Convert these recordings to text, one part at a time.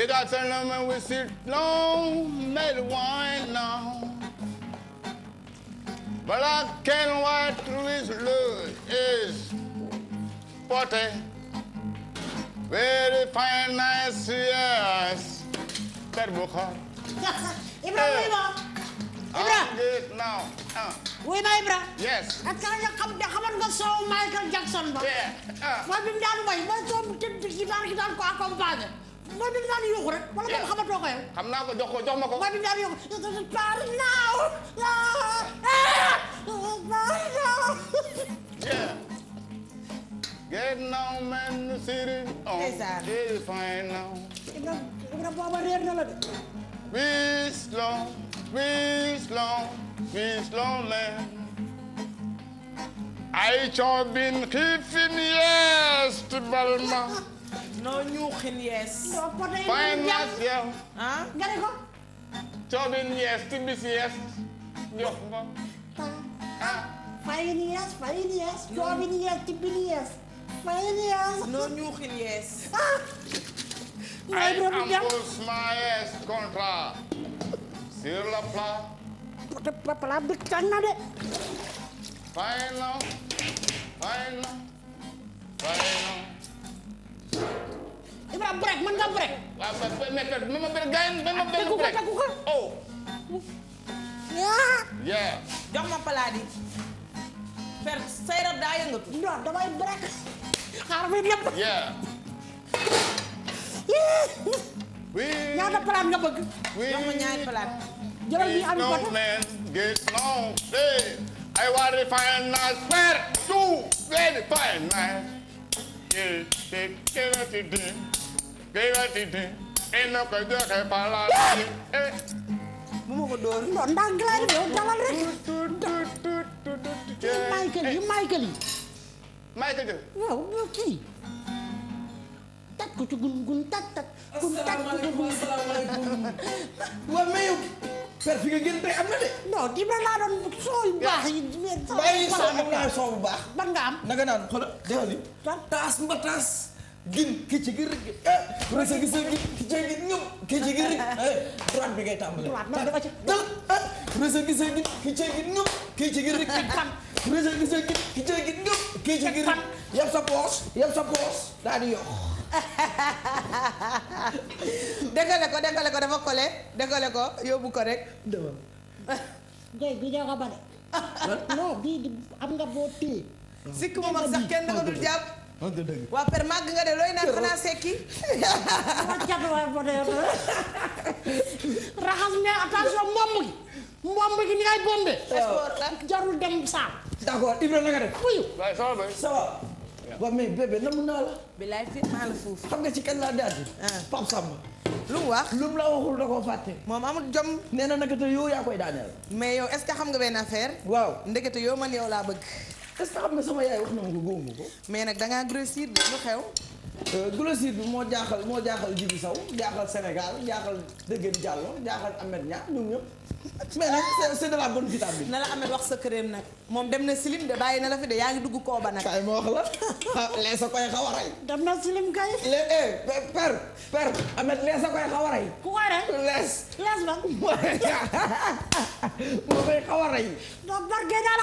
He got a lemon with sit long, made wine now. But I can't wait through his love is forty. Very fine, nice, yes. That book, huh? Ibra, yeah. Ibra. Ibra. Good now. Uh. Wait, Ibra. Yes. At kan nga xam xamal nga soow Michael Jackson ba. Yeah. Uh. Mooy bi mu daan way, mooy soo mu tëdd ci daan ki daan ko accompagner. mooy bi mu daan yóbbu rek. wala moom xamatoo ko yow. xam naa ko jox ko jox ma ko. mooy bi mu daan yóbbu. par naaw. get now man siri. ndeysaan oh fine now. Ibra booba réer na la de. Peace long, peace long, peace long land. ay coobin xiifin yees ti balma. no ñuuxin yees. fine naas yeew. ah nga ne ko. coobin yees tibbis yees jox ko. ah. fine yees fine yees. coobin yees tibbin yees. fine yees. no ñuuxin yees. ah. ay embauchement yees contrat. sur le plat. plat plat bi tàng na de. fine na fine na fine na. Ibra break oh. ma palaat yi. fer say rab daa yëngatu. non damay break. xaaral ma yëpp. yeah. wii. ñaata palaat nga bëgg. wii jox ma ñaari palaat. jëlal bi am bata. get long day. I want to find nice pair. Two very fine nice. Yeah, take care of it. géwél tiitin ina ko joxe palaas yi bu ma ko dóor non ndànk laa def yow dalal rek Michael yi Michael yi Michael jël waaw boo kii tat ko ci gun gun tat tat gun tat ko ci gun waa mais yow per fi nga génn tey am na de non di ma laa doon soow yu baax yi bàyyi soow bu baax ban nga am nanga naan xoolal taas mba taas gin kii ci gir rek gis nga gis nga ñëw kii ci rek droite bi ngay tàmbalee. droite man dafa ci dal gis nga gis nga kii ci gir ñëw kii ci gir rek tam gis nga gis nga kii sa poos yem sa poos daal di yokk. dégale ko dégale ko dafa kole dégale ko yóbbu ko rek. dama. Ndeye bi dama ko bare. non bii am nga boo téye. sikk moom ak sax kenn danga dul jàpp. wax nga dëgg. waaw per màgg nga de looy naan xanaa sekki. waaw cat waay raxas mais attention mbomb gi. mbomb gi ni ngay bombe. jarul dem saal. d'accord Ibra na nga def. wuyu waaye ça va. mais bébé namu naa la. bilaay fit maa la foofu. xam nga ci kan laa daal di. Ah. Pape lu mu wax lu la waxul da koo fàtte. moom amul jom. nee na naka yow yaa koy daaneel. mais yow est-ce que xam nga benn affaire. waaw ndekete yow man yow laa bëgg. est-ce que xam nga sama yaay wax na ma ko góobu ko. mais nag da ngaa grossir de lu xew. Euh, grossir bi moo jaaxal moo jaaxal Djibi Sow jaaxal Sénégal jaaxal Dëggan Diallo jaaxal Ahmed Niang ñoom ñëpp. mais nag c'est de la bonne vitamine. na la amee wax sa këreem nag moom dem na silim de bàyyi na la fi de yaa ngi dugg kooba nag. kaay ma wax la ah a koy xaw a rey. Eh, a rey. naa la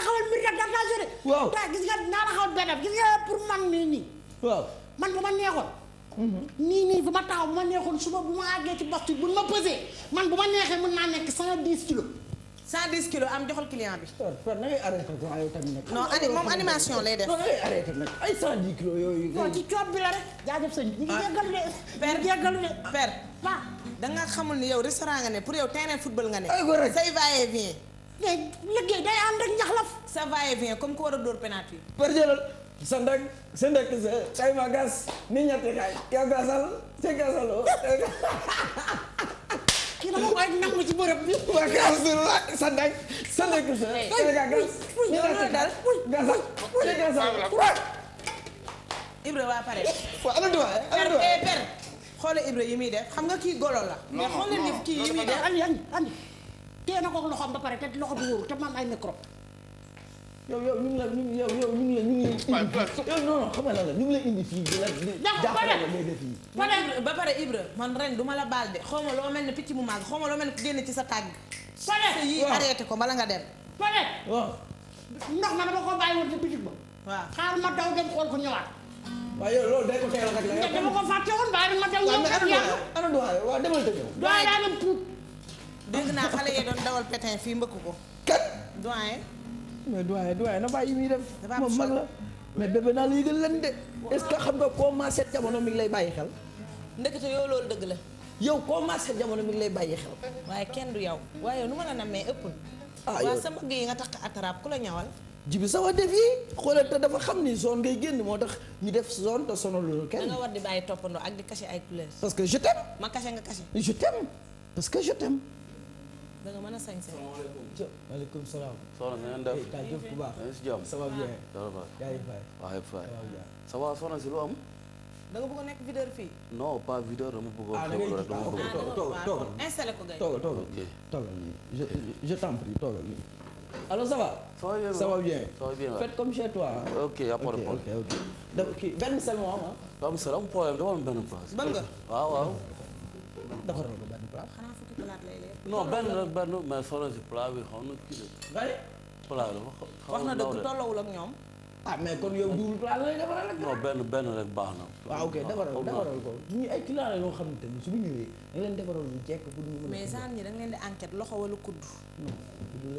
xamal mbir nag daal waaw gis nga naa la xamal benn gis nga pour man mii nii. waaw man bu ma neexoon. nii nii bu ma taw bu ma neexoon suba bu ma àggee ci bopp bu ma pesee man bu ma neexee mën naa nekk cent dix kilos. cent dix kilos am joxal client bi. waaw waaw na ci coob bi la rek. jaajëf sëñ bi ñu ngi ah, jéggalu de. per jéggalu da nga xamul ni yow restaurant nga ne pour yow terrain football nga ne. ay war a say va-et-vient. mais liggéey day ànd sa va et comme ku war a dóor penalty. par jëlal. sandak sandak kay ma gas ni ñatti kay yow gasal ci gasaloo kii ci bërëb bi waa gas sandak sandak kay ga gas ni ñatti dal gasal ci gasal Ibra yi muy def xam nga kii golo la mais xoole nit kii yi muy def ani ani ani na ko loxoom ba pare te loxo bi wóoru te maam ay microbe yow yow ñu la ñu yow yow la ñu ngi yow non non xam nga la ñu la indi fii di la jàppale ba pare Ibra man ren du ma la baal de xaw loo mel ne picc mu màgg xaw ma loo mel ne génn sa tàgg peut ko bala nga dem peut-être waaw ma dama ko ba waaw xaar ma daw dem xool ko ñëwaat waaw yow loolu day ko teel rek la dama ko fàtte woon bàyyi ma daw ana doxaay waaw demal te ñëw doxaay daa dem tuut ko doyen mais doyen doyen na bàyyi muy def. ma mag la mais bébé naa la yëgal lan de. est xam nga koo maase jamono mi lay bàyyi xel. ndekete yoo loolu dëgg la. yow koo maase jamono mi ngi lay bàyyi xel. waaye kenn du yow waaye nu ma la namee ëpp. ah yow waaw sa mag yi nga tax ataraab ku la ñawal. jibi sawa def yi xoolal te dafa xam ni zone ngay génn moo tax ñu def zone te sonalul kenn. da nga war di bàyyi toppandoo ak di caché ay couleurs. parce que je t'aime. ma caché nga caché. parce que je da nga mën a sañse. maaleykum salaam. soxna si ngeen def tey jaajëf bu baax. yaa ngi si jàmm ça va bien. yaa ngi fay. waaye fay. ça va soxna si lu am. da nga bëgg a nekk videur fii. non pas videur dama bëgg a. ah da ngay toog ah, ah, installé ko gay. toogal toogal toogal je je t'en prie toogal. allo ça va. ça va bien ça va bien. ça va bien faites comme chez toi. ok y a pas de problème. ok ok donc kii benn sel moo am ah. waaw sel am problème dafa am benn place. bëgg nga waaw ah, waaw. defaral ko benn place. xanaa fukki palaat lay leer. non benn benn mais soxna si plat bi xaw na kii de. bari plat dafa xaw wax na dëgg tolloowul ak ñoom. ah mais kon yow duuru plat lay defaral ak. benn benn rek baax na. Ah, waaw ok defaral defaral ko ñu ay client la yoo xamante ni su ñu ñëwee da leen defaral lu jekk pour ñu mën a. mais sànni da nga leen di enquête loxo wala kudd.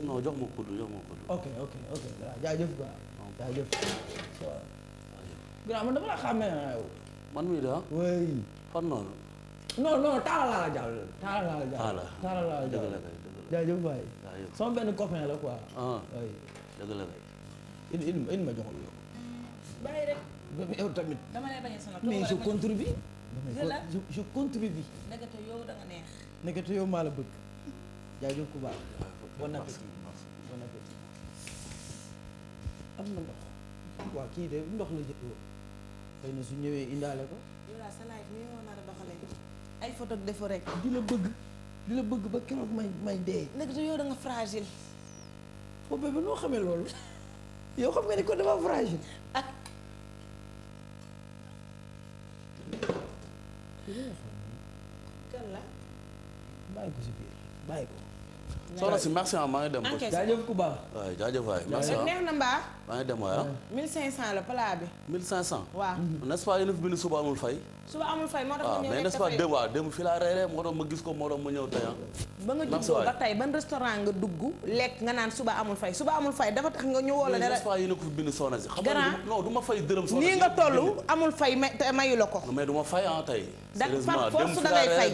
non jox ma kudd jox ma kudd. ok ok ok waaw jaajëf quoi jaajëf. waaw. gannaaw man dama la xàmmee yow. mii de ah. fan noonu. non non taala laa la jàll. taala laa la jàll taala laa la jàll. jaajëf waay sama benn copain la quoi. oui ah. dëgg la kay. il il il ma joxul yow. bàyyi rek. mais yow tamit. dama lay bañ a sonal mais je contribue. je je contribue. nekkatu yow da nga neex. nekkatu yow maa la bëgg. jaajëf ku baax. bon appétit bon appétit. am na ndox. waaw kii de ndox la jël woon. xëy na su ñëwee indaale ko. yow daal sa laaj mi ngi woon naa la doxalee. ay photo ak defo rek. di la bëgg di la bëgg ba keroog may may dee. nag du yow da fragile. foofu bébé noo xamee loolu yow xam nga ni ko dama fragile. ak. kan la. bàyyi ko si biir bàyyi ko. soxna si merci ah maa ngi dem. encaissé ku baax. waaw jaajëf waay merci neex na mbaa. maa ngi dem waaw. 1500 la plat bi. 1500. waaw mm-hmm. n'est-ce pas yéen a fi bind suba amul fay. suba amul fay ko moo doon ma ñëw tey ah. ba nga juddoo ba nga dugg lekk nga naan suba amul fay suba amul fay dafa tax nga ñu woo la. ne la nest a ko fi bind fay dërëm soxna si nii nga ma fay ah tey. sérieusement démb fi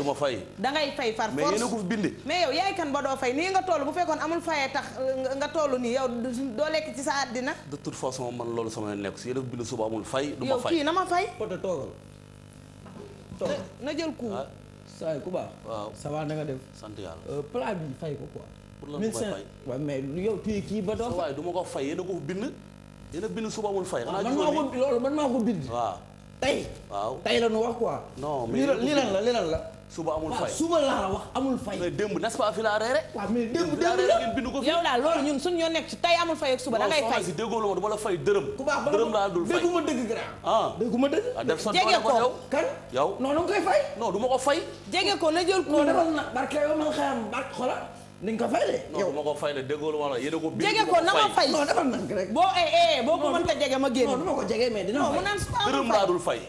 a ko fi mais yow yaay kan ba doo nga toll bu fekkoon amul fayee tax nga toll nii yow doo lekk ci sa addina de tout façon man loolu sama nekk si yéen a bind suba amul fay. du ma fay yow kii na ma fay. Poté toogal. toogal na jël ah. ku. saa ku waaw ça va nga def. sant yàlla. Euh, plat bi fay ko quoi. pour lan may fay waaw mais yow tuuti kii ba doo. sa waay ko fay yéen ko bind. yéen a bind suba amul fay. Ah, man maa ko loolu man maa ko bind. waaw tey. waaw tey la nu wax quoi. non lii la lii lan la. suba amul fay suba laa la wax amul fay. démb n'est-ce pas fi démb démb la ngeen bindu ko fi. yow daal loolu ñun suñu yoon nekk ci tey amul fay ak suba da ngay fay. si déggoo la ma du ma la fay dërëm. ma ko fay. jege ko na jël ko. na barke yow ma nga xam barke ko fay de. yow ma ko fay de déggoo la ma ko jege ko na ma fay non defal na rek. boo eh, eh ko mënta ma génn. non du ma ko laa dul fay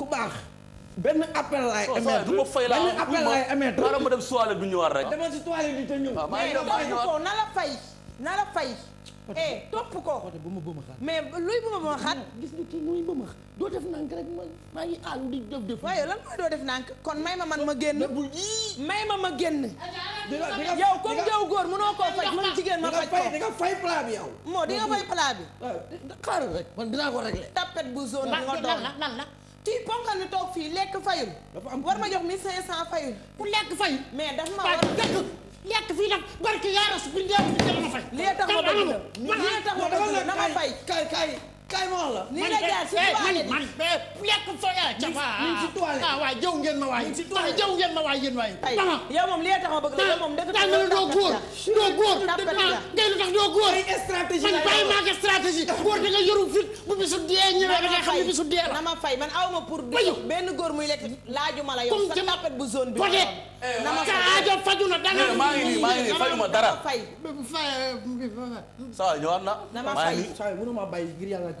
ku baax benn appel laay émettre du ma fay la benn appel laay émettre. maanaam ma dem soirée du ñëwaat rek. dama si toile bi ah, na fay na fay. eh topp ko mais luy bu ma xaat gis nga kii mooy bëma doo def nànk rek ma maa ngi àll waaye lan mooy def nànk kon may ma man ma génn may ma ma génn yow comme jëw góor mënoo koo faj man jigéen ma faj ko di nga fay plat di nga fay plat bi rek man dinaa ko régler tapet bu zone bi nga kii ponkal nu toog fii lekk fayul. am war ma jox 1500 fayul. ku lekk fay. mais daf ma war dëkk lekk fii nag barke yaa rasul bi ma fay. lii tax ma bëgg la lii tax ma bëgg la na ma fay. kay kay kay ma la. nii la jaar si tuwaale man man lekk soo yaay. nii si tuwaale ah, jëw ngeen ma waay. nii si tuwaale jëw ngeen ma waay yéen waay. yow moom ma bëgg la yow doo góor doo ah, ngay lu tax doo góor. stratégie nga yorum fit bu bisu dee ñëwee da ngay xam ne bisu dee la. ma fay ma pour. mayu benn góor muy lekk bu zone bi. na ma ngi nii maa ngi nii fajuma dara. na ma fay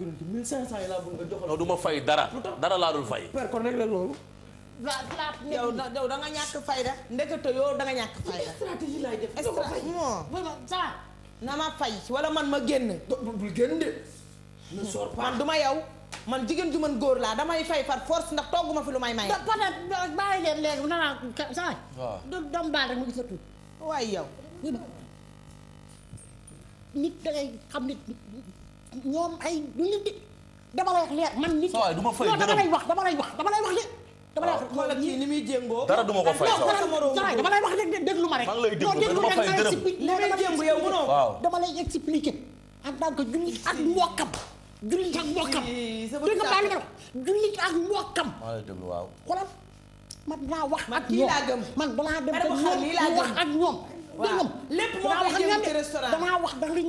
ak yonent 1500 yi laa bëgg nga jox la. du ma fay dara dara laa dul fay. père kon rek la loolu. la la yow da yow da nga ñàkk fayda. ndekete yow da nga ñàkk fayda. stratégie laay def. stratégie non na ma fay wala man ma génn. bul génn de. ne sors pas man du ma yow. man jigéen ju mën góor laa damay fay par force ndax togguma fi lu may may. ba peut-être bàyyi leen léegi nana saa. waaw doom baal rek mu gisatu. waaye yow. nit dangay xam nit. ñoom ay du ñu di dama lay wax leer man nit ki duma fay dama lay wax dama lay wax de dama ma rek maa ngi lay déglu mais duma fay dërëm jéngu yow mënoo dama lay expliquer en tant que jullit ak mbokkam jullit ak mbokkam dégg nga baal nga jullit ak mbokkam maa lay déglu waaw xoolal man dinaa wax ak ñoom man danaa dem wax ak ñoom lépp moo koy jëm ci restaurant wax da liñ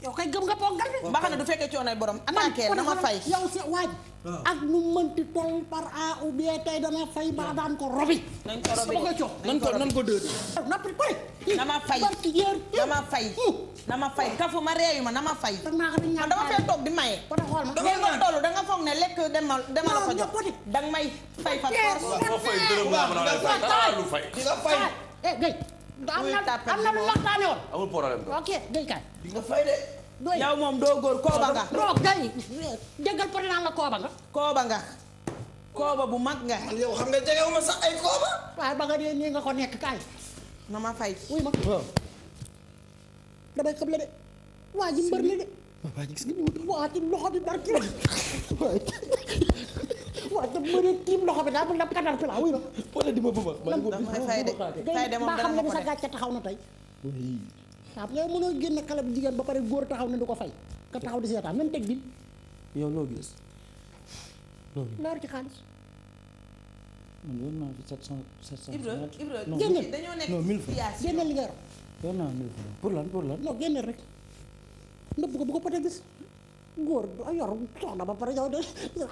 yow kay gëm nga ponkal bi. mbaa xam ne du fekkee coonoy borom. Ah, attaqué na ma fay yow si waaj. Ah. ak nu mënti toll par A ou bien tey dana fay ba ah. daan ko robi. nañ ko robi nañ ko nañ ko dëdd. noppi pare. nama fay nama fay. nama fay kafu ma reeyu ma nama fay. man dama fee toog di maye. da da nga foog ne lekk dama dama la ko jox. da nga may fay fa force. fay dërëm laa mën a fay. am na am na lu waxtaane woon. amul problème doon ok day kaay. di nga fay de. doy moom doo góor kooba nga. roog day la kooba nga. kooba nga. kooba bu mag nga. man xam nga jegewu ma sax ay kooba. waaye ba nga dee nii nga ko nekk kaay. na ma fay. damay xam la de. waa ji mbër la de. waa ji gis nga ni mu. waa ci loxo bi barki la. waaw da ma ne tiim loxo bi daal bu ndam kadal pla wuy ma wala di ma bëma ma xam ne sa gàcce taxaw na tey waaw yow mënoo génn xale bu jigéen ba pare góor taxaw ne du ko fay ka taxaw di seetaan même teg bi yow loo gis loolu ci xaalis man yoon naa fi sept cent sept cent Ibra Ibra dañoo nekk mille francs génneel li nga yor yoon naa mille francs pour lan pour lan non génneel rek ndëpp ko bu ko peut-être gis góor a yor soxna ba pare yow de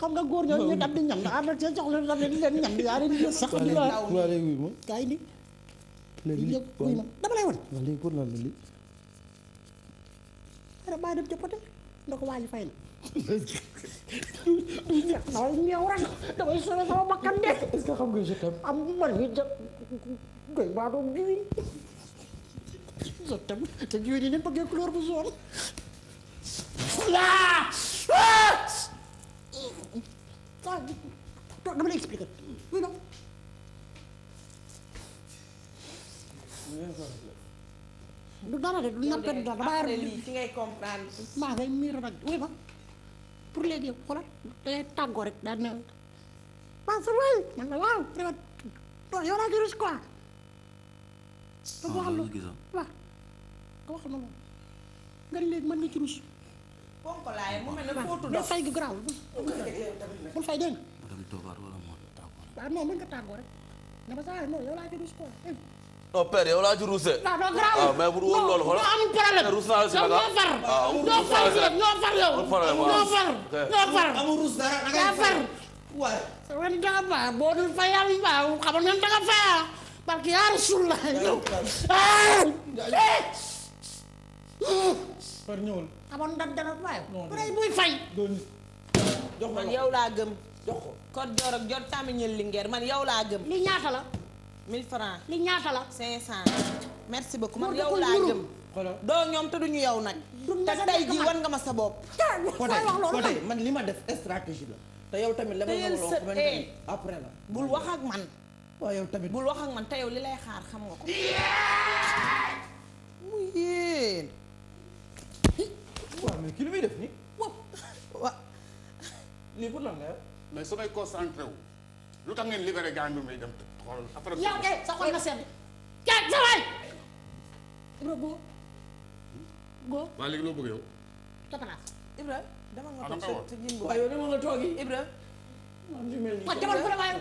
xam nga góor ñooñu ñu dab di ñam ànd ah, ak seen soxla dab leen ñam di la léegi ma kaay ma dama lay wan léegi pour lan la li ara na damay ñëw rek damay sore sama bakkan de am man mi ja doy baa doom jiwiñ je te jiwiñ yi ne bëggee couleur bu jaune ah ah dama lay expliquer oui du dara du nappe du dara maa ngay miir nag oui ma pour léegi yow xoolal da tàggoo rek daan na waaw sa waay man la waaw yow laa gis quoi. te waxal la waaw nga waxal léegi mën nga ci ponkolaay mu mel ne fóotu doon fay gi garaawul bul fay dégg waaw ah, non mën nga tàggoo rek ne ma saa non yow laa ci ruus quoi non père yow laa ci ruuse waaw ah, ah, mais bu woon loolu xoolal amul problème ruus naa la si nag ñoo far ñoo far ñoo far yow ñoo far ñoo far amul ruus dara da ngay far waay sama danga baax boo dul fayal mbaa xamal ne danga fayal parce que yaa rasul la yow eh. par ñëwul amoon ndam dara waaye. fay. man yow laa gëm. jox ko Côte Dior ak Dior Tamiñel man yow laa gëm. li ñaata la. 1000 francs li ñaata la. 500. merci beaucoup man yow laa gëm. doo ñoom te duñu yow nag. te tey jii wan nga ma sa bopp. côté man li ma def stratégie la. te yow tamit la ma après la. bul wax ak man. waaw yow tamit bul wax ak man te yow li lay xaar xam nga ko. mu yéen. waaw mais ki li muy def nii waaw waaw lii pour la mais su may concentré wu lu tax ngeen libéré gaañ bi may dem xool après. yow de sa xol na sedd yaa sa waay. Ibra góor góor. waaw léegi loo bëgg yow. Ah,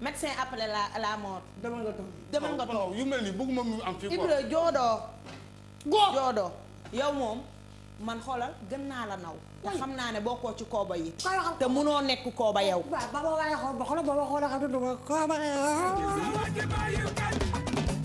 médecin appelé la la mort. dama nga toog dama nga toog yu mel ni bëgguma mu am fii quoi. Ibra joodoo. góor joodoo moom. man xoolal gën naa la naw. te xam naa ne bokkoo ci kooba yi. te munoo nekk kooba yow. ba ba ba ba ba ba ba ba ba ba ba ba